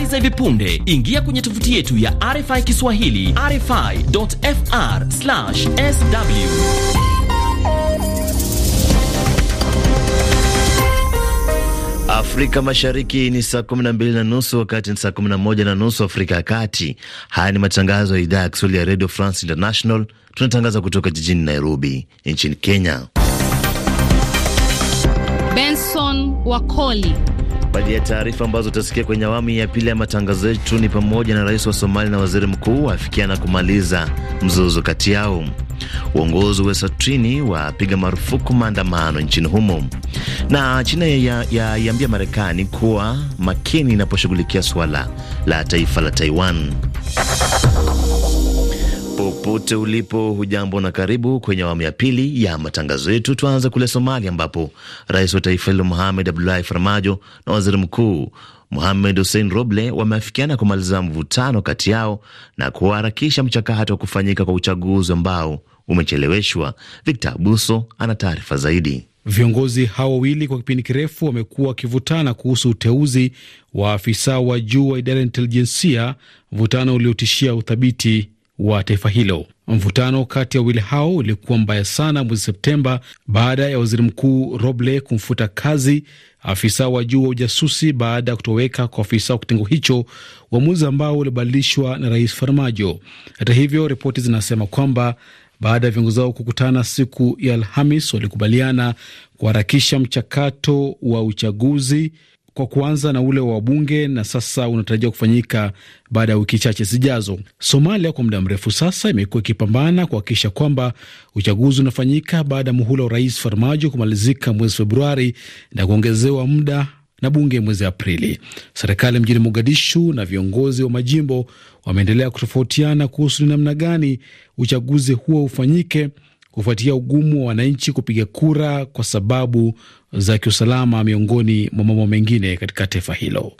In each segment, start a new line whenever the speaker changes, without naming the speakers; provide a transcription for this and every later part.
habari za hivi punde, ingia kwenye tovuti yetu ya RFI Kiswahili, rfi.fr/sw.
Afrika Mashariki ni saa 12 na nusu, wakati ni saa 11 na nusu Afrika ya Kati. Haya ni matangazo ya idhaa ya Kiswahili ya Radio France International. Tunatangaza kutoka jijini Nairobi nchini Kenya.
Benson Wakoli
Baadhi ya taarifa ambazo utasikia kwenye awamu ya pili ya matangazo yetu ni pamoja na rais wa Somalia na waziri mkuu wafikiana kumaliza mzozo kati yao. Uongozi wa Eswatini wapiga marufuku maandamano nchini humo, na China yaiambia ya, ya Marekani kuwa makini inaposhughulikia suala la taifa la Taiwan popote ulipo, hujambo na karibu kwenye awamu ya pili ya matangazo yetu. tuanze kule Somalia, ambapo rais wa taifa hilo Mohamed Abdullahi Farmajo na waziri mkuu Mohamed Hussein Roble wameafikiana kumaliza mvutano kati yao na kuharakisha mchakato wa kufanyika kwa uchaguzi ambao umecheleweshwa. Victor Abuso ana taarifa zaidi. Viongozi
hao wawili kwa kipindi kirefu wamekuwa wakivutana kuhusu uteuzi wa afisa wa juu wa idara ya intelijensia, mvutano uliotishia uthabiti wa taifa hilo. Mvutano kati ya wawili hao ulikuwa mbaya sana mwezi Septemba baada ya waziri mkuu Roble kumfuta kazi afisa wa juu wa ujasusi baada ya kutoweka kwa afisa wa kitengo hicho, uamuzi ambao ulibadilishwa na rais Farmajo. Hata hivyo, ripoti zinasema kwamba baada ya viongozi wao kukutana siku ya Alhamis, walikubaliana kuharakisha mchakato wa uchaguzi kwa kuanza na ule wa bunge na sasa unatarajiwa kufanyika baada ya wiki chache zijazo. Somalia kwa muda mrefu sasa imekuwa ikipambana kuhakikisha kwamba uchaguzi unafanyika baada ya muhula wa Rais Farmajo kumalizika mwezi Februari na kuongezewa muda na bunge mwezi Aprili. Serikali mjini Mogadishu na viongozi wa majimbo wameendelea kutofautiana kuhusu ni namna gani uchaguzi huo ufanyike kufuatia ugumu wa wananchi kupiga kura kwa sababu za kiusalama, miongoni mwa mambo mengine katika taifa hilo.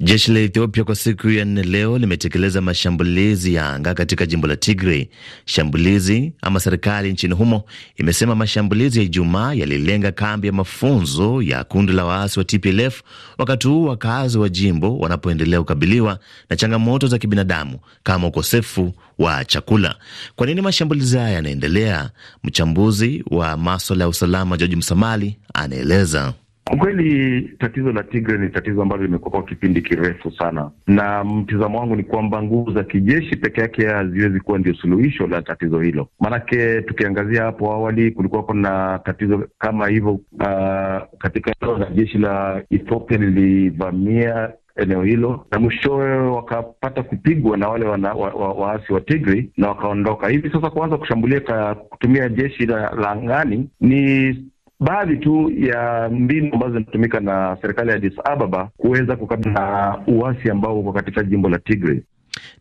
Jeshi la Ethiopia kwa siku ya nne leo limetekeleza mashambulizi ya anga katika jimbo la Tigray. Shambulizi ama serikali nchini humo imesema mashambulizi ya Ijumaa yalilenga kambi ya mafunzo ya kundi la waasi wa TPLF, wakati huu wakazi wa jimbo wanapoendelea kukabiliwa na changamoto za kibinadamu kama ukosefu wa chakula. Kwa nini mashambulizi haya yanaendelea? Mchambuzi wa maswala ya usalama George Msamali anaeleza. Kwa kweli tatizo la Tigre ni tatizo ambalo limekuwa kwa kipindi kirefu sana, na mtizamo wangu ni kwamba nguvu za kijeshi peke yake haziwezi kuwa ndio suluhisho la tatizo hilo. Maanake tukiangazia hapo awali kulikuwa kuna tatizo kama hivyo uh, katika eneo la jeshi la Ethiopia lilivamia eneo hilo na mwishowe wakapata kupigwa na wale wana, wa, wa, waasi wa tigri na wakaondoka. Hivi sasa kuanza kushambulia kutumia jeshi la, la angani ni baadhi tu ya mbinu ambazo zinatumika na serikali ya Addis Ababa kuweza kukabiliana na uasi ambao uko katika jimbo la Tigray.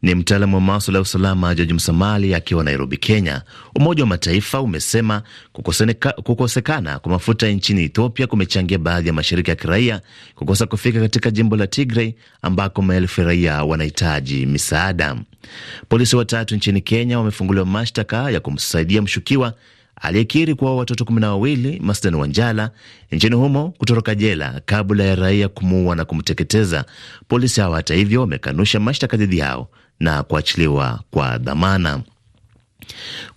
Ni mtaalamu wa maswala ya usalama Jaji Msamali akiwa Nairobi, Kenya. Umoja wa Mataifa umesema kukosekana kwa mafuta nchini Ethiopia kumechangia baadhi ya mashirika ya kiraia kukosa kufika katika jimbo la Tigray ambako maelfu ya raia wanahitaji misaada. Polisi watatu nchini Kenya wamefunguliwa mashtaka ya kumsaidia mshukiwa aliyekiri kuwa watoto kumi na wawili Masden Wanjala nchini humo kutoroka jela kabla ya raia kumuua na kumteketeza. Polisi hao hata hivyo wamekanusha mashtaka dhidi yao na kuachiliwa kwa dhamana.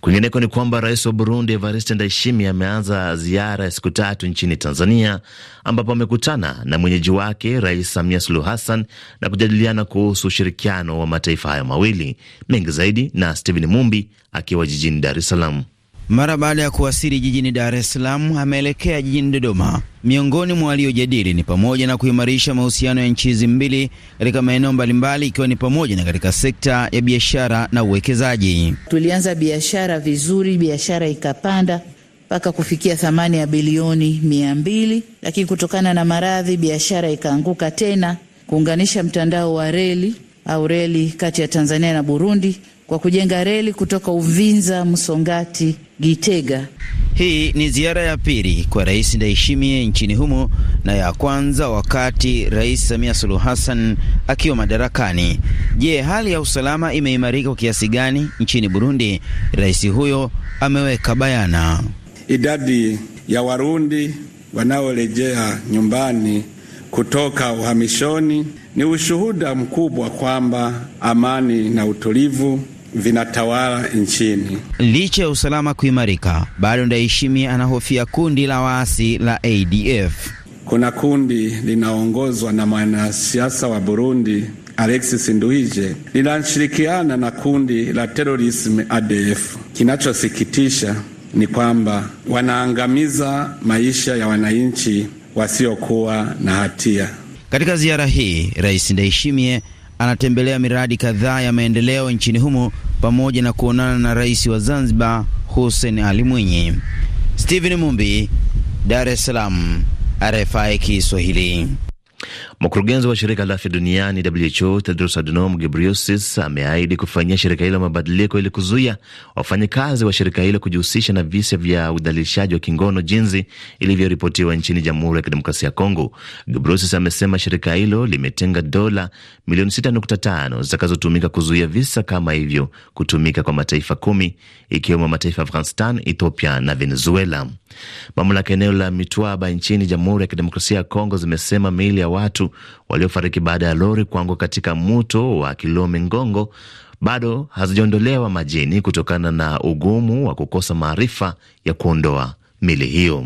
Kwingineko ni kwamba rais wa Burundi Evariste Ndayishimiye ameanza ziara ya siku tatu nchini Tanzania, ambapo amekutana na mwenyeji wake Rais Samia Suluhu Hassan na kujadiliana kuhusu ushirikiano wa mataifa hayo mawili. Mengi zaidi na Stephen Mumbi akiwa jijini Dar es Salaam mara baada ya kuwasili jijini Dar es Salaam ameelekea jijini
Dodoma. Miongoni mwa waliojadili ni pamoja na kuimarisha mahusiano ya nchi hizi mbili katika maeneo mbalimbali, ikiwa ni pamoja na katika sekta ya biashara na uwekezaji. Tulianza
biashara vizuri, biashara ikapanda mpaka kufikia thamani ya bilioni mia mbili, lakini kutokana na maradhi biashara ikaanguka tena. Kuunganisha mtandao wa reli au reli kati ya Tanzania na Burundi kwa kujenga reli kutoka Uvinza, Msongati, Gitega.
Hii ni ziara ya pili kwa Rais Ndayishimiye nchini humo na ya kwanza wakati Rais Samia Suluhu Hassan akiwa madarakani. Je, hali ya usalama imeimarika kwa kiasi gani nchini Burundi? Rais huyo ameweka bayana
idadi ya Warundi wanaorejea nyumbani kutoka uhamishoni ni ushuhuda mkubwa kwamba amani na utulivu vinatawala nchini.
Licha ya usalama kuimarika, bado Ndayishimiye anahofia kundi la waasi la ADF.
Kuna kundi linaongozwa na mwanasiasa wa Burundi Alexis Nduije linashirikiana na kundi la terorism ADF. Kinachosikitisha ni kwamba wanaangamiza maisha ya wananchi wasiokuwa na hatia.
Katika ziara hii, Rais Ndayishimiye anatembelea miradi kadhaa ya maendeleo nchini humo pamoja na kuonana na rais wa Zanzibar Hussein Ali Mwinyi. Stephen Mumbi, Dar es Salaam,
RFI Kiswahili. Mkurugenzi wa shirika la afya duniani WHO Tedros Adhanom Ghebreyesus ameahidi kufanyia shirika hilo mabadiliko ili kuzuia wafanyikazi wa shirika hilo kujihusisha na visa vya udhalilishaji wa kingono jinsi ilivyoripotiwa nchini Jamhuri ya Kidemokrasia ya Kongo. Ghebreyesus amesema shirika hilo limetenga dola milioni 6.5 zitakazotumika kuzuia visa kama hivyo kutumika kwa mataifa kumi ikiwemo mataifa ya Afghanistan, Ethiopia na Venezuela. Mamlaka eneo la Mitwaba nchini Jamhuri ya Kidemokrasia ya Kongo zimesema miili ya watu waliofariki baada ya lori kuangwa katika mto wa ngongo bado hazijaondolewa majini kutokana na ugumu wa kukosa maarifa ya kuondoa mili hiyo.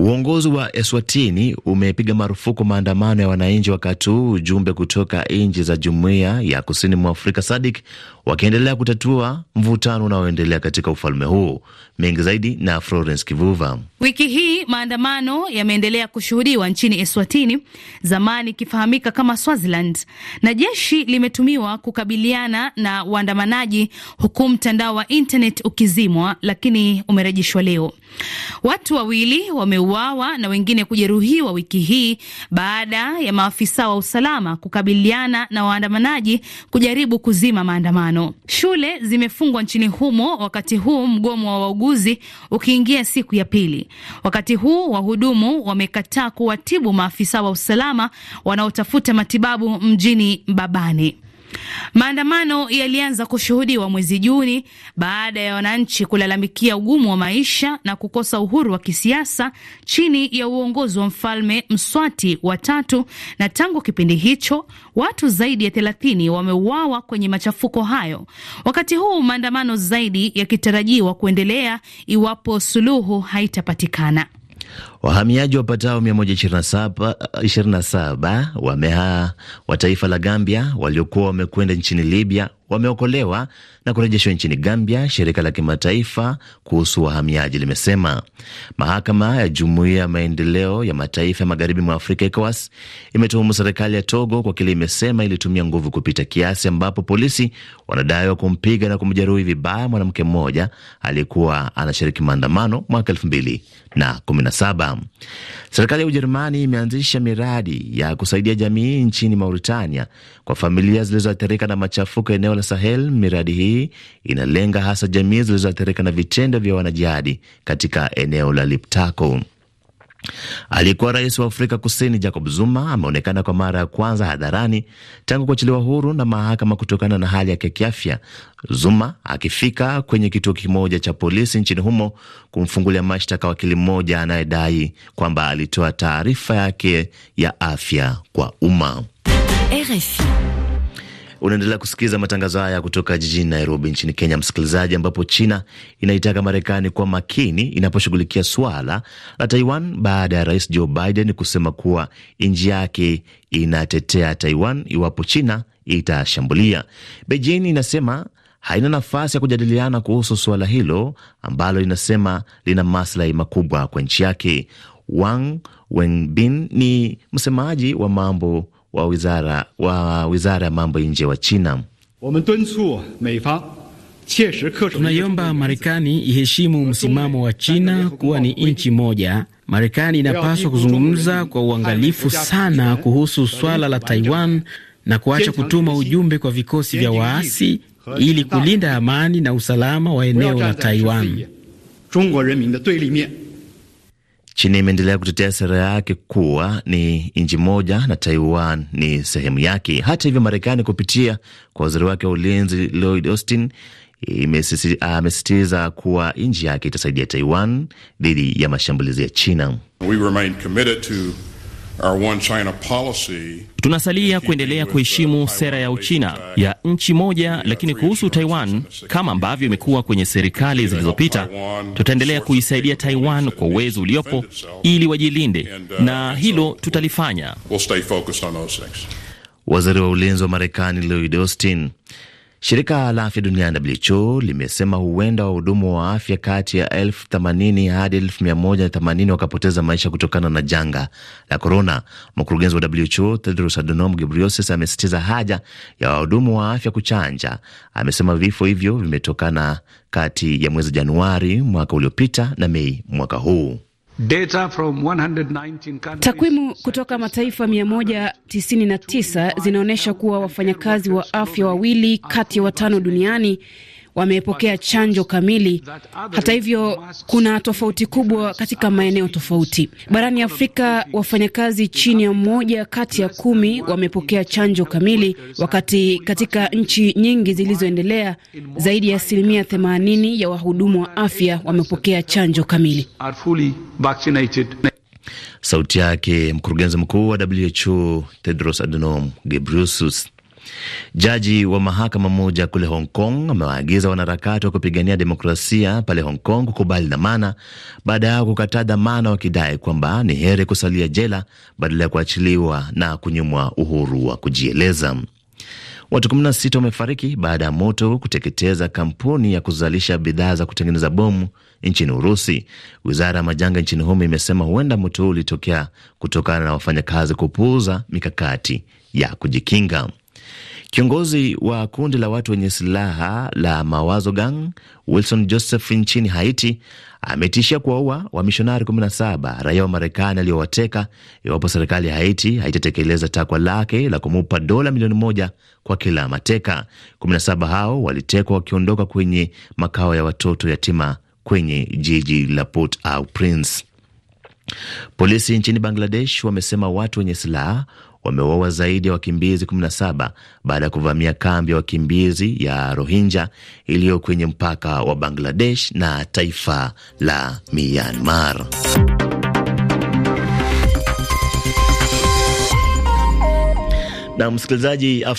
Uongozi wa Eswatini umepiga marufuku maandamano ya wananchi, wakati huu ujumbe kutoka nchi za jumuiya ya kusini mwa Afrika SADIK wakiendelea kutatua mvutano unaoendelea katika ufalme huo. Mengi zaidi na Florence Kivuva.
Wiki hii maandamano yameendelea kushuhudiwa nchini Eswatini, zamani ikifahamika kama Swaziland, na jeshi limetumiwa kukabiliana na waandamanaji, huku mtandao wa internet ukizimwa, lakini umerejeshwa leo. Watu wawili wame kuuawa na wengine kujeruhiwa wiki hii baada ya maafisa wa usalama kukabiliana na waandamanaji kujaribu kuzima maandamano. Shule zimefungwa nchini humo, wakati huu mgomo wa wauguzi ukiingia siku ya pili. Wakati huu wahudumu wamekataa kuwatibu maafisa wa usalama wanaotafuta matibabu mjini Mbabane. Maandamano yalianza kushuhudiwa mwezi Juni baada ya wananchi kulalamikia ugumu wa maisha na kukosa uhuru wa kisiasa chini ya uongozi wa Mfalme Mswati wa tatu, na tangu kipindi hicho watu zaidi ya thelathini wameuawa kwenye machafuko hayo, wakati huu maandamano zaidi yakitarajiwa kuendelea iwapo suluhu haitapatikana.
Wahamiaji wapatao 127 uh, wamehaa wa taifa la Gambia waliokuwa wamekwenda nchini Libya wameokolewa na kurejeshwa nchini Gambia, shirika la kimataifa kuhusu wahamiaji limesema. Mahakama ya Jumuiya ya Maendeleo ya Mataifa ya Magharibi mwa Afrika, ECOWAS, imetuhumu serikali ya Togo kwa kile imesema ilitumia nguvu kupita kiasi, ambapo polisi wanadaiwa kumpiga na kumjeruhi vibaya mwanamke mmoja aliyekuwa anashiriki maandamano mwaka elfu mbili na kumi na saba. Serikali ya Ujerumani imeanzisha miradi ya kusaidia jamii nchini Mauritania kwa familia zilizoathirika na machafuko eneo la Sahel, miradi hii inalenga hasa jamii zilizoathirika na vitendo vya wanajihadi katika eneo la Liptako. Aliyekuwa rais wa Afrika Kusini Jacob Zuma ameonekana kwa mara ya kwanza hadharani tangu kuachiliwa huru na mahakama kutokana na hali yake ya kiafya, Zuma akifika kwenye kituo kimoja cha polisi nchini humo kumfungulia mashtaka wakili mmoja anayedai kwamba alitoa taarifa yake ya afya kwa umma. Unaendelea kusikiliza matangazo haya kutoka jijini Nairobi nchini Kenya, msikilizaji, ambapo China inaitaka Marekani kwa makini inaposhughulikia swala la Taiwan baada ya rais Joe Biden kusema kuwa nchi yake inatetea Taiwan iwapo China itashambulia. Beijing inasema haina nafasi ya kujadiliana kuhusu suala hilo ambalo inasema lina maslahi makubwa kwa nchi yake. Wang Wenbin ni msemaji wa mambo wa wizara wa wizara ya mambo ya nje wa China.
Tunaiomba Marekani iheshimu msimamo wa China kuwa ni nchi moja. Marekani inapaswa kuzungumza kwa uangalifu sana kuhusu swala la Taiwan na kuacha kutuma ujumbe kwa vikosi vya waasi ili kulinda amani na usalama wa eneo la Taiwan.
China imeendelea kutetea sera yake kuwa ni nchi moja na Taiwan ni sehemu yake. Hata hivyo, Marekani kupitia kwa waziri wake wa ulinzi Lloyd Austin amesisitiza kuwa nchi yake itasaidia Taiwan dhidi ya mashambulizi ya China. We Tunasalia kuendelea kuheshimu sera ya Uchina ya nchi moja, lakini kuhusu Taiwan, kama ambavyo imekuwa kwenye serikali zilizopita, tutaendelea kuisaidia Taiwan kwa uwezo uliopo ili wajilinde, uh, na hilo tutalifanya. Waziri wa ulinzi wa Marekani Lloyd Austin Shirika la afya duniani WHO limesema huenda wahudumu wa afya kati ya elfu themanini hadi elfu mia moja themanini wakapoteza maisha kutokana na janga la korona. Mkurugenzi wa WHO Tedros Adhanom Ghebreyesus amesitiza haja ya wahudumu wa afya kuchanja. Amesema vifo hivyo vimetokana kati ya mwezi Januari mwaka uliopita na Mei mwaka huu.
Takwimu kutoka mataifa 199 zinaonyesha kuwa wafanyakazi wa afya wawili kati ya watano duniani wamepokea chanjo kamili. Hata hivyo, kuna tofauti kubwa katika maeneo tofauti. Barani Afrika, wafanyakazi chini ya mmoja kati ya kumi wamepokea chanjo kamili, wakati katika nchi nyingi zilizoendelea zaidi ya asilimia 80 ya wahudumu wa afya wamepokea chanjo kamili.
Sauti yake mkurugenzi mkuu wa WHO Tedros Adhanom Ghebreyesus. Jaji wa mahakama moja kule Hong Kong amewaagiza wanaharakati wa kupigania demokrasia pale Hong Kong kukubali dhamana baada yao kukataa dhamana, wakidai kwamba ni heri kusalia jela badala ya kuachiliwa na kunyimwa uhuru wa kujieleza. Watu 16 wamefariki baada ya moto kuteketeza kampuni ya kuzalisha bidhaa za kutengeneza bomu nchini Urusi. Wizara ya majanga nchini humo imesema huenda moto huu ulitokea kutokana na wafanyakazi kupuuza mikakati ya kujikinga. Kiongozi wa kundi la watu wenye silaha la Mawazo Gang Wilson Joseph nchini Haiti ametishia kuwaua wamishonari 17 raia wa Marekani aliyowateka iwapo serikali ya Haiti haitatekeleza takwa lake la kumupa dola milioni moja kwa kila mateka. 17 hao walitekwa wakiondoka kwenye makao ya watoto yatima kwenye jiji la Port au Prince. Polisi nchini Bangladesh wamesema watu wenye silaha wamewaua zaidi ya wakimbizi 17 baada ya kuvamia kambi ya wakimbizi ya Rohingya iliyo kwenye mpaka wa Bangladesh na taifa la Myanmar. Na msikilizaji Afrika